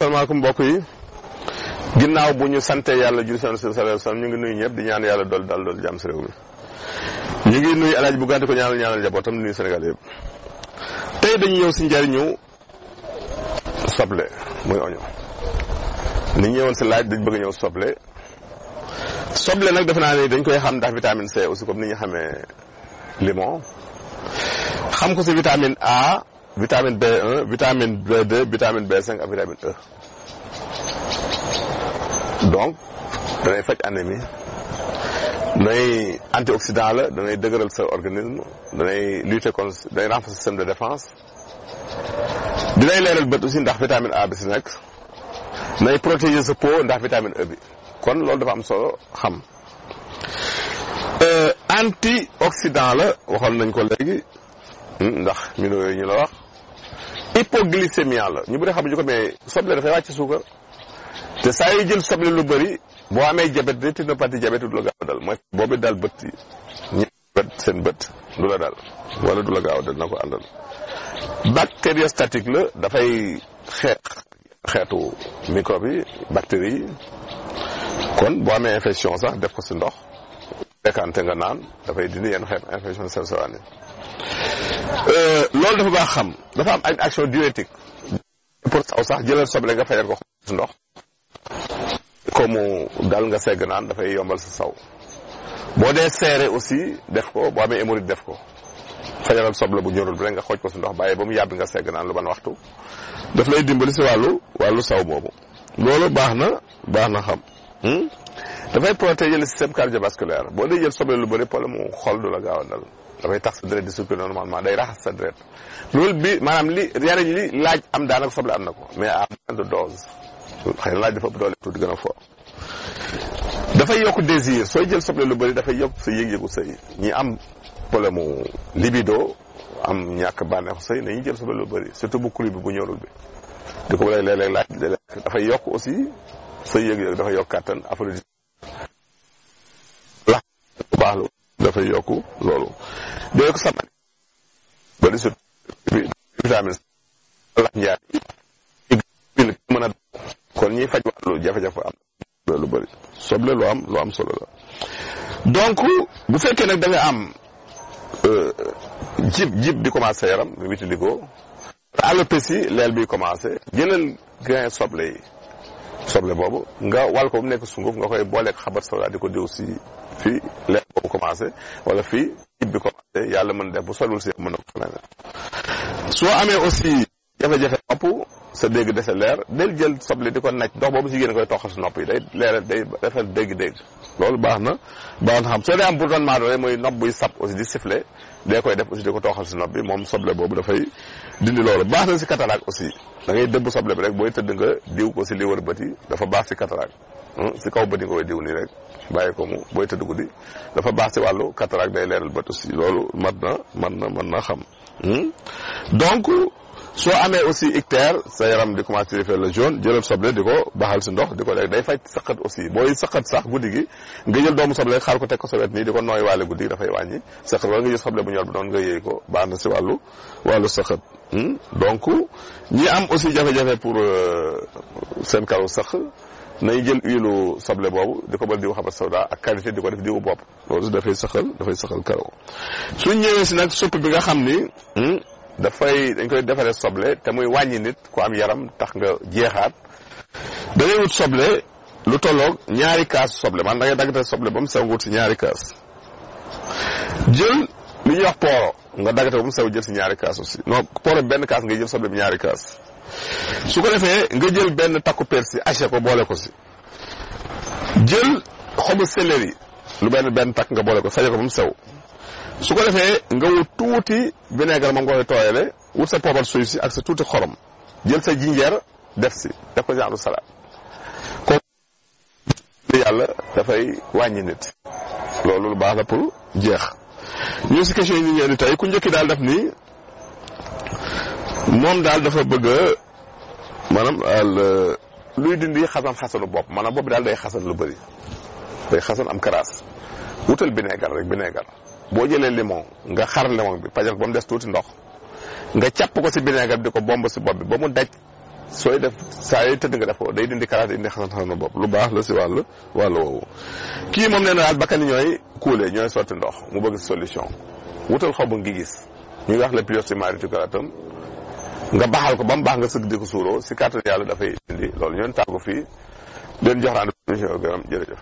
salaamaaleykum mbokk yi ginnaaw bu ñu sante yàlla jur seen sallallahu alayhi wasallam ñu ngi nuyu ñëpp di ñaan yàlla dool dal dool jàmm si réew mi ñu ngi nuy alaaj bu gante ko ñaanal ñaanal njabootam nuyu Sénégal yëpp tey dañu ñëw si njariñu soble muy oignon ni ñu ñëwoon si laaj dañ bëgg ñëw soble soble nag defe naa ne dañ koy xam ndax vitamine C aussi comme ni ñu xamee limon xam ko si vitamine A vitamine B1 vitamine B2 vitamine B5 ak vitamine E. donc danay faj anémie danay antioxydant la danay dëgëral sa organisme danay lutter contre danay renforcer système de défense. dinay leeral bët aussi ndax vitamine A bi si nekk nay protéger sa peau ndax vitamine E bi kon loolu dafa am soo xam. Euh, antioxydant la waxoon nañ ko léegi hmm, ndax mino yooyu ñu la wax hypoglycémia la ñu xam ñu ko mais soble dafay wàcc suukar te saa yu jël soble lu bari boo amee diabète rétinopathie diabète du la gaaw a dal mooy boobu daal bët yi bët seen bët du la daal wala du la gaaw a dal na ko àndal bactériostatique la dafay xeex xeetu microbe yi bactéries yi kon boo amee infection sax def ko si ndox fekkante nga naan dafay dindi yenn xeet infection sel-selaani Euh, loolu dafa baax xam dafa am action diurétique pour saw sax jëlal soble nga fayal ko su ndox comme dal nga segg naan dafay yombal si saw boo dee seere aussi def ko boo amee hémorroïde def ko fajalal soble bu ñorul bi rek nga xooj ko si ndox bàyyi ba mu yàbbi nga segg naan lu ban waxtu daf lay dimbali si wàllu wàllu saw boobu loolu baax na baax na xam hmm? dafay protéger le système cardiovasculaire boo dee jël soble lu bëri problème mu xol du la gaaw dal dafay tax sa deret di circuler normalement day raxas sa deret loolu bi maanaam li yeneen li laaj am daanaka soble am na ko mais à moindre dose xëy na laaj dafa ëpp doole tuuti gën a fort dafay yokk désir sooy jël soble lu bari dafay yokk sa yëg-yëgu sëy ñi am problème mu libido ñàkk bànneexu sëy nañu jël soble lu surtout bu kuri bi bu ñorul bi di ko laaj léeg-léeg dafay yokk aussi sa yëg-yëg dafay yokk kàttan affaire bu baax dafay yokk loolu di ko bari su vitamine lax njaay yi mën kon ñiy faj wàllu jafe-jafe lu bëri soble lu am lu am solo la donc bu fekkee nag da nga am euh, jib jib di commencé yaram nga witi di ko leel biy commencé jëlal grain soble yi soble boobu nga wal ko mu nekk sunguf nga koy booleeg xabar sawda di ko diw si fii leer boobu commencé wala fii ib bi yàlla mën def bu solul si mën na ko feneen soo amee aussi jafe-jafe nopp sa dégg dese leer del jël ko naj ndox boobu si koy toxal si nopp yi day leeral day defal dégg-dégg loolu baax na baax na xam soo dee am bourdonnement doole mooy nopp buy sab aussi di siffler dee koy def aussi di ko tooxal si nopp bi moom soble boobu dafay dindi loolu baax na si cataracte aussi dangay ngay dëbb soble bi rek booy tëdd nga diw ko si li wër yi dafa baax si cataracte Hmm? si kaw bët yi nga koy diw nii rek bàyyi ko mu booy tëdd guddi dafa baax si wàllu cataracte day leeral bët aussi loolu mat na mat na mën na xam. Hmm? donc soo amee aussi ictère sa yaram di commencé di defal la jaune jëlal soble di ko baxal si ndox di ko day faj saqat aussi booy saqat sax guddi gi nga jël doomu soble xaar ko teg ko sa wet nii di ko nooy waale guddi gi dafay wàññi saqat wala nga jël soble bu ñor bi noonu nga yëy ko baax na si wàllu wàllu hmm? donc ñi am aussi jafe-jafe pour euh, seen sax. nañ jël huile soble boobu di ko bal diw xabat sawda ak qualité di ko def diwu bopp loolu dafay saxal dafay saxal karaw suñ ñëwee si nag supp bi nga xam ni hmm, dafay dañ koy defaree soble te muy wàññi nit ku am yaram tax nga jeexaat da wut soble lu tolloog ñaari kaas soble man da ngay daggate soble ba mu sew nga wut si ñaari kaas jël li ñuy wax pooro nga daggate ba mu sew jël si ñaari kaas aussi non pooro benn kaas ngay jël soble bi ñaari kaas su ko defee nga jël benn takku persil haché ko boole ko si jël xobu céleri lu benn benn takk nga boole ko faje ko ba sew su ko defee nga wut tuuti vinaigre moom nga koy tooyale wut sa poobar suy si ak sa tuuti xorom jël sa jinjeer def si def ko genre salade kon dafay wàññi nit loolu lu jeex ñu si question yi ku njëkki daal def nii moom daal dafa bëgg maanaam euh, luy dindi xasan xasanu bopp maanaam bopp bi daal day xasan lu bëri day xasan am karaas wutal bineegar rek bineegar boo jëlee limon nga xar limon bi pajal ba mu des tuuti ndox nga càpp ko si bineegar bi di ko bomb si bopp bi ba mu daj sooy def saa yooyu tëdd nga def ko day dindi karaas day dindi xasan xasanu bopp lu baax la si wàll wàll woowu. kii moom nee na daal bakkan ñooy kuule ñooy sotti ndox mu bëgg solution wutal xobu ngi gis ñuy wax le plus nga baaxal ko ba mu baax nga sëgg di ko suuroo si kàttan yàlla dafay indi loolu ñoon tàggu fii leen jox rendez-vous jërëjëf